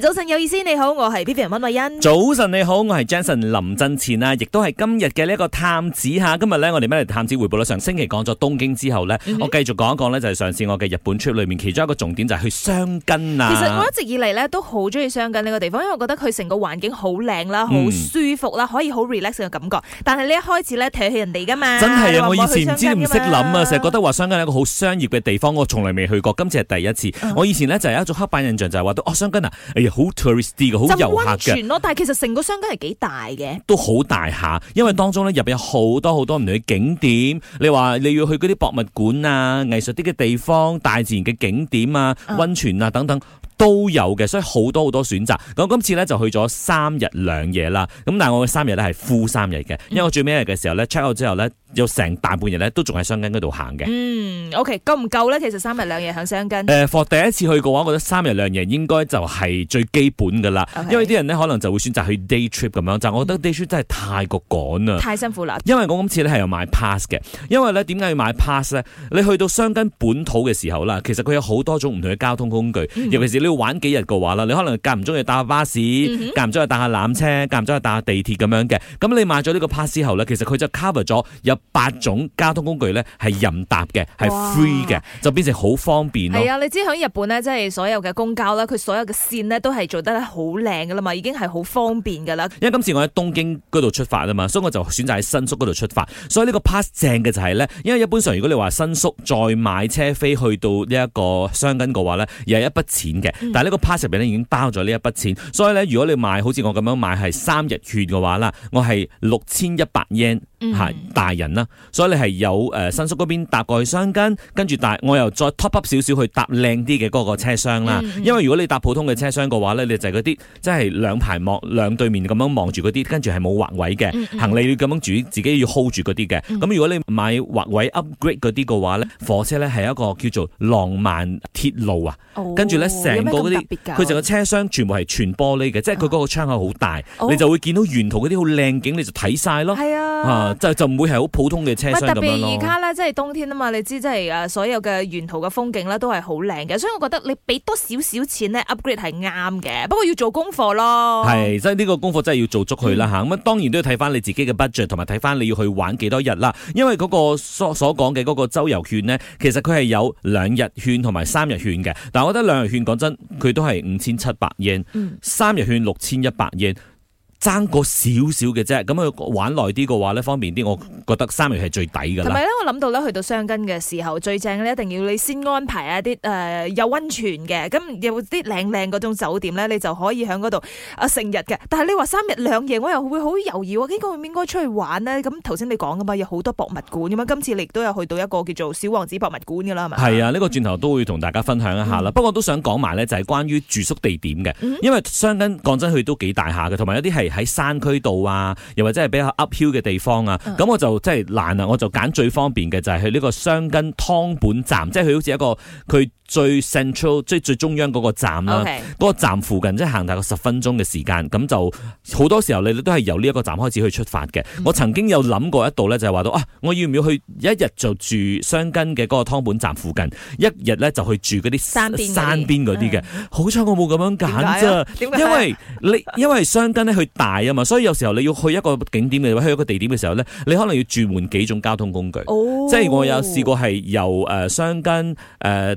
早晨有意思，你好，我係 Vivian 溫慧欣。早晨你好，我係 Jensen 林振前啊，亦都係今日嘅呢一個探子哈。今日咧，我哋咩嚟探子？回報咧，上星期講咗東京之後咧，我繼續講一講咧，就係上次我嘅日本 trip 裏面其中一個重點就係去箱根啊。其實我一直以嚟咧都好中意箱根呢個地方，因為我覺得佢成個環境好靚啦，好舒服啦，可以好 relax 嘅感覺。但係呢一開始咧睇起人哋噶嘛，真係啊！我以前唔知唔識諗啊，成日覺得話箱根係一個好商業嘅地方，我從來未去過，今次係第一次。我以前咧就有一種刻板印象，就係話到哦箱根啊。好 touristy 嘅，好遊客嘅。浸溫泉咯，但係其實成個商家係幾大嘅。都好大下，因為當中咧入邊有好多好多唔同嘅景點。你話你要去嗰啲博物館啊、藝術啲嘅地方、大自然嘅景點啊、嗯、溫泉啊等等。都有嘅，所以好多好多選擇。咁今次咧就去咗三日兩夜啦。咁但係我嘅三日咧係 full 三日嘅，因為我最尾日嘅時候呢、嗯、check out 之後咧，有成大半日咧都仲喺箱根嗰度行嘅。嗯，OK，夠唔夠咧？其實三日兩夜喺箱根誒，或、呃、第一次去嘅話，我覺得三日兩夜應該就係最基本噶啦、okay。因為啲人可能就會選擇去 day trip 咁樣，但我覺得 day trip 真係太過趕啦，太辛苦啦。因為我今次咧係有買 pass 嘅，因為咧點解要買 pass 咧？你去到箱根本土嘅時候啦，其實佢有好多種唔同嘅交通工具，嗯、尤其是。你要玩幾日嘅話啦，你可能間唔中去搭巴士，間、嗯、唔中去搭下纜車，間、嗯、唔中去搭下地鐵咁樣嘅。咁你買咗呢個 pass 之後咧，其實佢就 cover 咗有八種交通工具咧，係任搭嘅，係 free 嘅，就變成好方便咯。係啊，你知喺日本咧，即係所有嘅公交啦，佢所有嘅線呢都係做得好靚嘅啦嘛，已經係好方便嘅啦。因為今次我喺東京嗰度出發啊嘛，所以我就選擇喺新宿嗰度出發。所以呢個 pass 正嘅就係、是、咧，因為一般上如果你話新宿再買車飛去到呢一個箱根嘅話咧，又係一筆錢嘅。但係呢個 pass 入咧已經包咗呢一筆錢，所以咧如果你買好似我咁樣買係三日券嘅話啦，我係六千一百 yen。係、mm-hmm. 大人啦，所以你係有誒新、呃、宿嗰邊搭過去箱根，跟住大我又再 top up 少少去搭靚啲嘅嗰個車廂啦。Mm-hmm. 因為如果你搭普通嘅車廂嘅話咧，你就係嗰啲即係兩排望兩對面咁樣望住嗰啲，跟住係冇劃位嘅，mm-hmm. 行李要咁樣住，自己要 hold 住嗰啲嘅。咁、mm-hmm. 如果你買劃位 upgrade 嗰啲嘅話咧，mm-hmm. 火車咧係一個叫做浪漫鐵路啊。Oh, 跟住咧成個嗰啲，佢就個車廂全部係全玻璃嘅，uh-huh. 即係佢嗰個窗口好大，oh. 你就會見到沿途嗰啲好靚景，你就睇晒咯。係、oh. 啊。就就唔會係好普通嘅車。特別而家咧，即係冬天啊嘛，你知即係誒，所有嘅沿途嘅風景咧都係好靚嘅，所以我覺得你俾多少少錢咧 upgrade 係啱嘅，不過要做功課咯。係，即係呢個功課真係要做足佢啦，吓。咁、嗯、啊，當然都要睇翻你自己嘅 budget，同埋睇翻你要去玩幾多日啦。因為嗰個所所講嘅嗰個周遊券呢，其實佢係有兩日券同埋三日券嘅。但係我覺得兩日券講真，佢都係五千七百 y e，三日券六千一百 y e 爭個少少嘅啫，咁佢玩耐啲嘅話咧，方便啲，我覺得三日係最抵㗎。同埋咧，我諗到咧，去到雙根嘅時候，最正咧一定要你先安排一啲誒、呃、有温泉嘅，咁有啲靚靚嗰種酒店咧，你就可以喺嗰度啊成日嘅。但係你話三日兩夜，我又會好猶豫，我應該唔應該出去玩呢？咁頭先你講噶嘛，有好多博物館咁嘛，今次你都有去到一個叫做小王子博物館㗎啦，係啊，呢、呢個轉頭都會同大家分享一下啦、嗯。不過都想講埋咧，就係關於住宿地點嘅、嗯，因為雙根講真佢都幾大下嘅，同埋一啲係。喺山區度啊，又或者係比較 up hill 嘅地方啊，咁我就即係難啊，我就揀最方便嘅就係去呢個箱根湯本站，即係佢好似一個佢。最 central 即係最中央嗰個站啦，嗰、okay 嗰個站附近即係行大概十分鐘嘅時間，咁就好多時候你都係由呢一個站開始去出發嘅、嗯。我曾經有諗過一度咧，就係話到啊，我要唔要去一日就住箱根嘅嗰個湯本站附近，一日咧就去住嗰啲山邊嗰啲嘅。好彩我冇咁樣揀啫，因為你因為箱根咧佢大啊嘛，所以有時候你要去一個景點嘅或者 去一個地點嘅時候咧，你可能要轉換幾種交通工具。哦、即係我有試過係由誒箱、呃、根誒。呃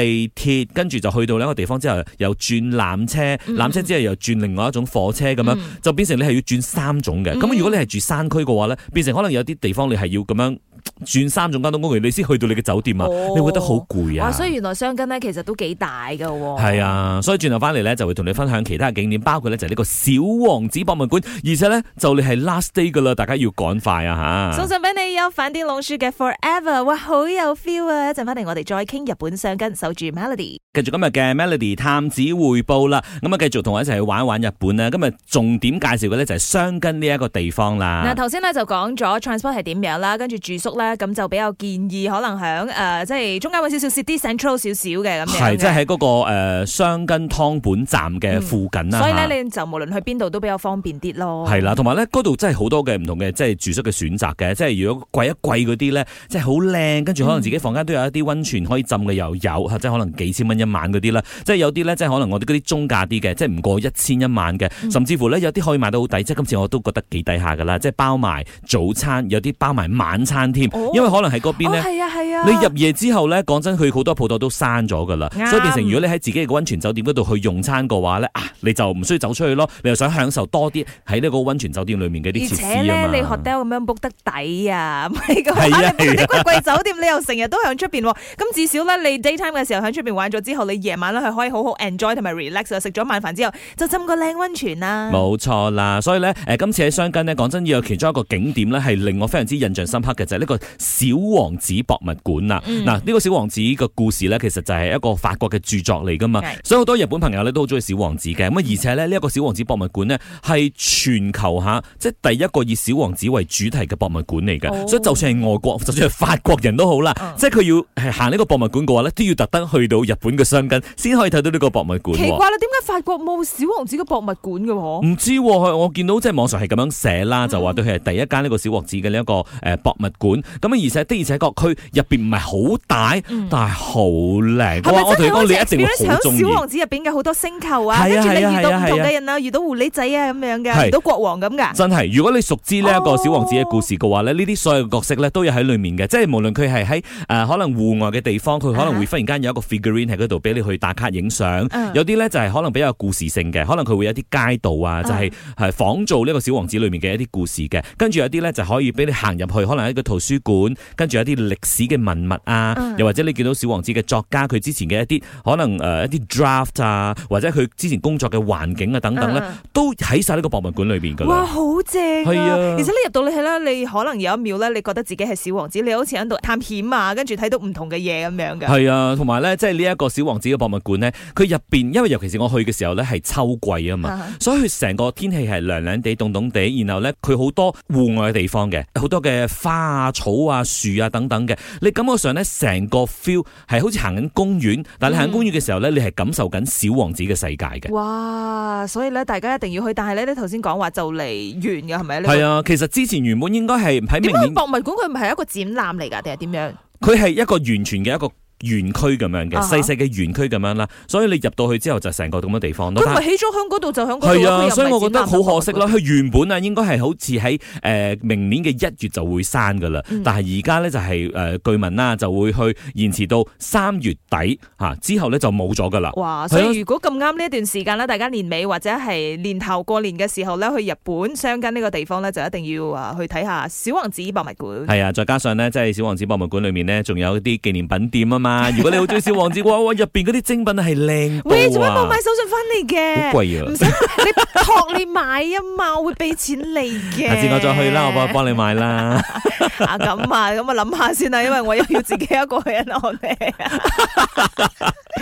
地鐵跟住就去到兩個地方之後，又轉纜車，纜車之後又轉另外一種火車咁樣、嗯，就變成你係要轉三種嘅。咁、嗯、如果你係住山區嘅話咧，變成可能有啲地方你係要咁樣轉三種交通工具，你先去到你嘅酒店啊、哦，你會覺得好攰啊。所以原來箱根呢其實都幾大嘅、哦。係啊，所以轉頭翻嚟咧就會同你分享其他嘅景點，包括呢就係呢個小王子博物館，而且呢，就你係 last day 噶啦，大家要趕快啊吓！送俾你有反啲老書嘅 forever，哇，好有 feel 啊！一陣翻嚟我哋再傾日本箱根。跟住、Melody、繼續今日嘅 Melody 探子匯報啦，咁啊繼續同我一齊去玩一玩日本咧。今日重點介紹嘅咧就係、是、箱根呢一個地方啦。嗱，頭先咧就講咗 transport 係點樣啦，跟住住宿咧，咁就比較建議可能響誒、呃，即係中間位少少，涉啲 central 少少嘅咁樣。係，即係喺嗰個誒箱、呃、根湯本站嘅附近啦。嗯、所以咧，你就無論去邊度都比較方便啲咯。係啦，呢的同埋咧嗰度真係好多嘅唔同嘅即係住宿嘅選擇嘅，即係如果貴一貴嗰啲咧，即係好靚，跟住可能自己房間都有一啲溫泉可以浸嘅又有。嗯。即係可能幾千蚊一晚嗰啲啦，即係有啲咧，即係可能我哋嗰啲中價啲嘅，即係唔過一千一晚嘅，甚至乎咧有啲可以買到好抵，即係今次我都覺得幾抵下噶啦，即係包埋早餐，有啲包埋晚餐添，因為可能喺嗰邊咧、哦哦啊啊，你入夜之後呢，講真，去好多鋪都閂咗噶啦，所以變成如果你喺自己嘅溫泉酒店嗰度去用餐嘅話呢，啊、你就唔需要走出去咯，你又想享受多啲喺呢個溫泉酒店裡面嘅啲設施啊嘛，而且你學得咁樣 book 得抵啊，唔係㗎、啊、你貴貴酒店 你又成日都喺出邊，咁至少咧你 daytime 嘅嘅時候喺出邊玩咗之後，你夜晚咧係可以好好 enjoy 同埋 relax 啊！食咗晚飯之後，就浸個靚温泉啦。冇錯啦，所以咧，誒、呃，今次喺箱根呢講真要有其中一個景點咧，係令我非常之印象深刻嘅，就係、是、呢個小王子博物館啦。嗱、嗯、呢、這個小王子嘅故事咧，其實就係一個法國嘅著作嚟噶嘛。所以好多日本朋友咧都好中意小王子嘅，咁啊。而且呢、呢、這、一個小王子博物館呢，係全球吓即係第一個以小王子為主題嘅博物館嚟嘅。所以就算係外國，就算係法國人都好啦、嗯，即係佢要係行呢個博物館嘅話咧，都要特得去到日本嘅箱根先可以睇到呢個博物館。奇怪啦，點解法國冇小王子嘅博物館嘅？唔知我見到即係網上係咁樣寫啦、嗯，就話對佢係第一間呢個小王子嘅呢一個誒博物館。咁而且的而且確，佢入邊唔係好大，嗯、但係好靚。我話我同你一定好中意。搶小王子入邊嘅好多星球啊，跟住、啊、你遇到唔同嘅人啊，啊，啊，啊，啊，遇到狐狸仔啊咁樣嘅，遇到國王咁噶。真係，如果你熟知呢一個小王子嘅故事嘅話咧，呢、哦、啲所有嘅角色呢，都要喺裏面嘅，即係無論佢係喺誒可能戶外嘅地方，佢可能會忽然間。有一個 figurine 喺嗰度俾你去打卡影相，嗯，有啲咧就係、是、可能比較有故事性嘅，可能佢會有啲街道啊，嗯、就係、是、係仿造呢個小王子裏面嘅一啲故事嘅。跟住有啲咧就可以俾你行入去，可能喺個圖書館，跟住有啲歷史嘅文物啊、嗯，又或者你見到小王子嘅作家佢之前嘅一啲可能誒、呃、一啲 draft 啊，或者佢之前工作嘅環境啊等等咧、嗯，都喺晒呢個博物館裏邊噶。哇，好正！係啊，而且、啊、你入到嚟係啦，你可能有一秒咧，你覺得自己係小王子，你好似喺度探險啊，跟住睇到唔同嘅嘢咁樣係啊，話咧，即係呢一個小王子嘅博物館咧，佢入邊，因為尤其是我去嘅時候咧，係秋季啊嘛， 所以佢成個天氣係涼涼地、凍凍地，然後咧，佢好多戶外嘅地方嘅，好多嘅花啊、草啊、樹啊等等嘅，你感覺上咧，成個 feel 係好似行緊公園，但係你行緊公園嘅時候咧、嗯，你係感受緊小王子嘅世界嘅。哇！所以咧，大家一定要去，但係咧，你頭先講話就嚟完嘅係咪咧？係啊，其實之前原本應該係喺。點解博物館佢唔係一個展覽嚟噶，定係點樣？佢係一個完全嘅一個。園區咁樣嘅細細嘅園區咁樣啦，所以你入到去之後就成個咁嘅地方。佢咪起咗響嗰度就響。係啊，所以我覺得好可惜啦。佢原本啊，應該係好似喺誒明年嘅一月就會閂噶啦，但係而家呢就係、是、誒、呃、據聞啦，就會去延遲到三月底吓、啊，之後呢就冇咗噶啦。哇、啊！所以如果咁啱呢一段時間呢，大家年尾或者係年頭過年嘅時候呢，去日本箱根呢個地方呢，就一定要啊去睇下小王子博物館。係啊，再加上呢，即、就、係、是、小王子博物館裏面呢，仲有一啲紀念品店啊嘛。如果你好中意小王子，哇哇，入邊嗰啲精品係靚喂，做乜冇買手信翻嚟嘅，貴啊！唔使你託你買啊嘛，我會俾錢你嘅。下次我再去啦，我幫幫你買啦。啊 咁啊，咁啊諗下先啦，因為我又要自己一個人我嚟。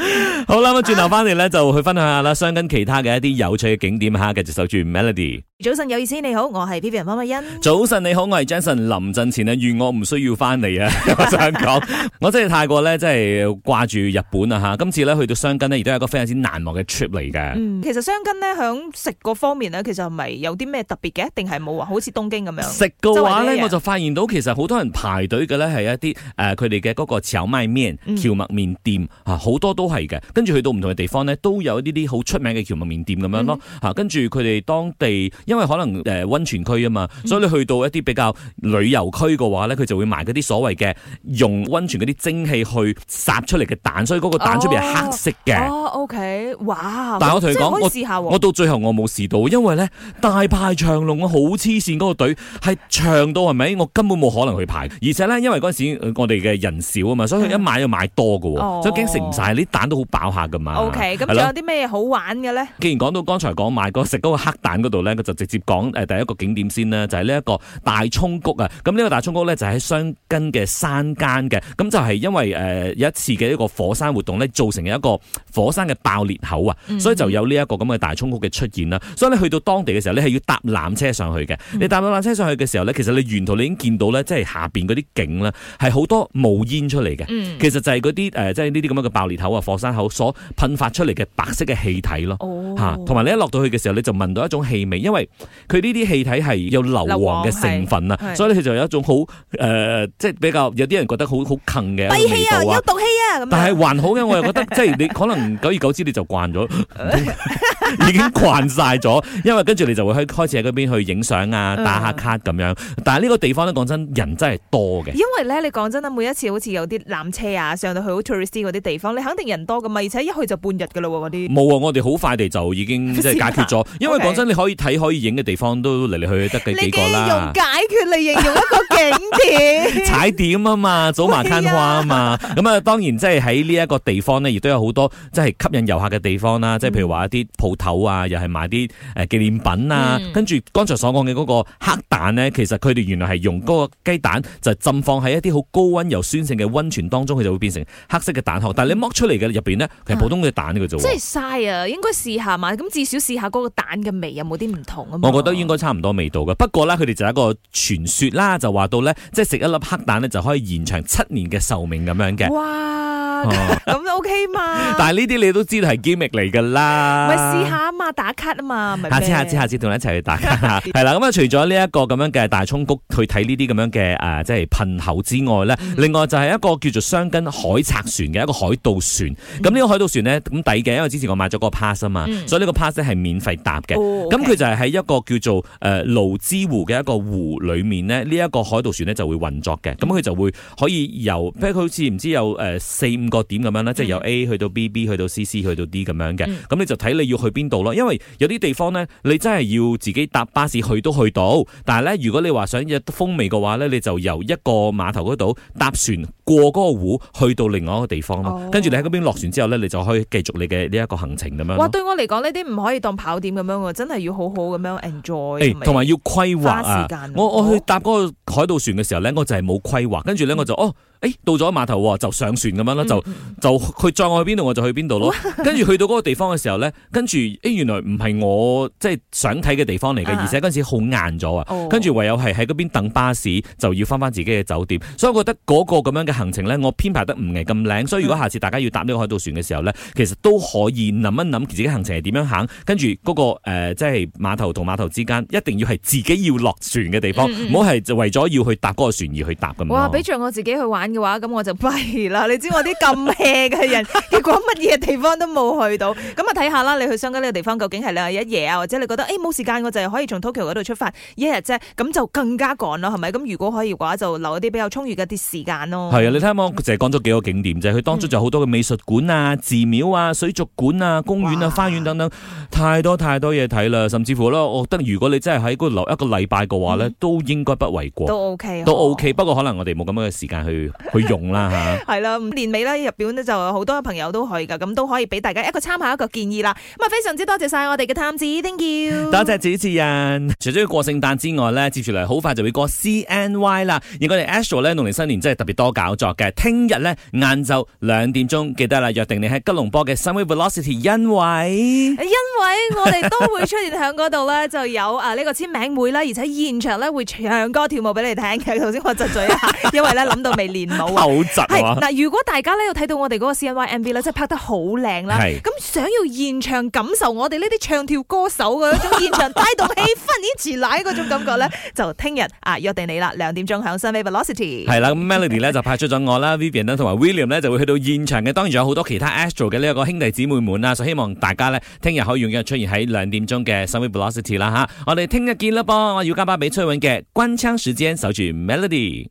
好啦，我轉頭翻嚟咧，就去分享下啦，相跟其他嘅一啲有趣嘅景點吓，繼續守住 Melody。早晨有意思，你好，我係 P P R 潘佩欣。早晨你好，我係 Jason 林振前咧，願我唔需要翻嚟啊！ 我想講，我真係太過咧，真係掛住日本啊！吓，今次咧去到箱根呢，亦都係一個非常之難忘嘅 trip 嚟嘅，嗯。其實箱根呢，響食嗰方面呢，其實係咪有啲咩特別嘅，定係冇啊？好似東京咁樣食嘅話咧，我就發現到其實好多人排隊嘅咧，係一啲誒，佢哋嘅嗰個蕎麥麵、蕎麥麵店啊，好多都係嘅。跟住去到唔同嘅地方呢，都有一啲啲好出名嘅蕎麥麵店咁樣咯。吓、嗯，跟住佢哋當地。因為可能誒溫泉區啊嘛，所以你去到一啲比較旅遊區嘅話咧，佢、嗯、就會賣嗰啲所謂嘅用溫泉嗰啲蒸汽去殺出嚟嘅蛋，所以嗰個蛋出面係黑色嘅。哦哦、okay 哇！但我同你講，我到最後我冇試到，因為咧大排長龍我好黐線，嗰個隊係長到係咪？我根本冇可能去排，而且咧因為嗰陣時我哋嘅人少啊嘛，所以佢一買就買多㗎、哦，所以驚食唔晒啲蛋都好飽下㗎嘛。OK，咁仲有啲咩好玩嘅咧？既然講到剛才講買嗰食嗰個黑蛋嗰度咧，就直接講誒第一個景點先啦，就係呢一個大涌谷啊！咁呢個大涌谷咧就喺箱根嘅山間嘅，咁就係因為、呃、有一次嘅一個火山活動咧造成一個火山嘅爆裂口啊，所以就有呢一個咁嘅大涌谷嘅出現啦、嗯。所以你去到當地嘅時候你係要搭纜車上去嘅。你搭到纜車上去嘅時候咧，其實你沿途你已經見到咧，即係下邊嗰啲景啦，係好多冒煙出嚟嘅、嗯。其實就係嗰啲誒即係呢啲咁樣嘅爆裂口啊火山口所噴發出嚟嘅白色嘅氣體咯嚇。同、哦、埋你一落到去嘅時候你就聞到一種氣味，因為佢呢啲氣體係有硫磺嘅成分啊，所以佢就有一種好誒、呃，即係比較有啲人覺得好好近嘅味道啊。有毒氣啊！但係還好嘅，我又覺得 即係你可能久而久之你就慣咗， 已經慣晒咗。因為跟住你就會開始喺嗰邊去影相啊，打下卡咁樣。嗯、但係呢個地方咧，講真，人真係多嘅。因為咧，你講真啊，每一次好似有啲纜車啊，上到去好 touristy 嗰啲地方，你肯定人多噶嘛，而且一去就半日噶啦嗰啲。冇、啊，我哋好快地就已經即係解決咗、okay，因為講真，你可以睇可以。影嘅地方都嚟嚟去去得幾個啦。用解決嚟形容一個景點， 踩點啊嘛，走馬看花啊嘛。咁啊，當然即係喺呢一個地方呢，亦都有好多即係吸引遊客嘅地方啦。即係譬如話一啲鋪頭啊，又係賣啲誒紀念品啊。嗯、跟住剛才所講嘅嗰個黑蛋呢，其實佢哋原來係用嗰個雞蛋就浸放喺一啲好高溫又酸性嘅溫泉當中，佢就會變成黑色嘅蛋殼。但係你剝出嚟嘅入邊咧，係普通嘅蛋嘅啫。即係嘥啊，應該試下嘛。咁至少試下嗰個蛋嘅味有冇啲唔同。我覺得應該差唔多味道嘅，不過咧佢哋就係一個傳說啦，就話到咧，即係食一粒黑蛋咧就可以延長七年嘅壽命咁樣嘅哇。哦，咁 OK 嘛？ 但係呢啲你都知道係 gimmick 嚟噶啦，咪試下啊嘛，打卡啊嘛，咪下次下次下次同你一齊去打卡吓，係啦。咁啊，除咗呢一個咁樣嘅大涌谷去睇呢啲咁樣嘅誒，即係噴口之外咧，另外就係一個叫做雙根海賊船嘅一個海盜船。咁 呢個海盜船咧咁抵嘅，因為之前我買咗個 pass 啊嘛，所以呢個 pass 係免費搭嘅。咁、哦、佢就係喺一個叫做誒蘆、呃、之湖嘅一個湖裏面咧，呢、這、一個海盜船咧就會運作嘅。咁佢就會可以由，譬如佢好似唔知有誒四五。呃個點咁樣咧，即係由 A 去到 B，B 去到 C，C 去到 D 咁樣嘅，咁你就睇你要去邊度咯。因為有啲地方咧，你真係要自己搭巴士去都去到，但係咧，如果你話想有風味嘅話咧，你就由一個碼頭嗰度搭船。過嗰個湖去到另外一個地方咯，跟、哦、住你喺嗰邊落船之後咧，你就可以繼續你嘅呢一個行程咁樣。哇，對我嚟講呢啲唔可以當跑點咁樣，真係要好好咁樣 enjoy。同、欸、埋要規劃啊，時間我我去搭嗰個海盜船嘅時候咧，我就係冇規劃，跟住咧我就、嗯、哦，誒、欸、到咗碼頭、哦、就上船咁樣啦，就就佢再我去邊度我就去邊度咯。跟、嗯、住去到嗰個地方嘅時候咧，跟住誒原來唔係我即係想睇嘅地方嚟嘅，而且嗰陣時好晏咗啊，跟、哦、住唯有係喺嗰邊等巴士就要翻翻自己嘅酒店，所以我覺得嗰個咁樣嘅。行程咧，我編排得唔係咁靚，所以如果下次大家要搭呢個海盜船嘅時候咧，其實都可以諗一諗自己行程係點樣行，跟住嗰個即係、呃即係、碼頭同碼頭之間一定要係自己要落船嘅地方，唔好係為咗要去搭嗰個船而去搭咁。哇！俾住我自己去玩嘅話，咁我就弊啦。你知我啲咁 hea 嘅人，結果乜嘢地方都冇去到。咁啊，睇下啦，你去相隔呢個地方究竟係兩日一夜啊，或者你覺得誒冇、欸、時間，我就可以從 Tokyo 嗰度出發一日啫，咁就更加趕囉，係咪？咁如果可以嘅話，就留一啲比較充裕嘅啲時間咯。你睇下，我凈係講咗幾個景點係佢、就係、當中就好多嘅美術館啊、寺廟啊、水族館啊、公園啊、花園等等，太多太多嘢睇啦。甚至乎咧，我覺得如果你真係喺嗰度留一個禮拜嘅話咧、嗯，都應該不為過。都 OK，都 OK。不過可能我哋冇咁樣嘅時間去 去用啦係啦、啊，年尾咧入邊咧就好多朋友都去㗎，咁都可以俾大家一個參考一個建議啦。咁啊，非常之多謝晒我哋嘅探子丁耀，Thank you. 多謝主持人。除咗要過聖誕之外咧，接住嚟好快就會過 CNY 啦。而我哋 Astro 咧，農曆新年真係特別多搞。作嘅，聽日咧晏晝兩點鐘記得啦，約定你喺吉隆坡嘅 Sunway Velocity，因為因為我哋都會出現響度咧， 就有啊呢、這個簽名會啦，而且現場咧會唱歌跳舞俾你聽嘅。頭先我窒嘴一下因為咧諗 到未練舞， 好窒啊！嗱，如果大家咧有睇到我哋嗰個 CNY MV 咧，即係拍得好靚啦，咁想要現場感受我哋呢啲唱跳歌手嘅嗰種現場帶動氣氛、呢遲來嗰種感覺咧，就聽日啊約定你啦，兩點鐘喺 Sunway Velocity。係啦，咁 Melody 咧就派出。 我啦，Vivian 啦，同埋 William 咧就會去到現場嘅，當然仲有好多其他 Astro 嘅呢一個兄弟姊妹們啦，所以希望大家咧聽日可以踊躍出現喺兩點鐘嘅《新 V Velocity》啦吓，我哋聽日見啦噃，我要加班俾崔允嘅關槍時間守住 Melody。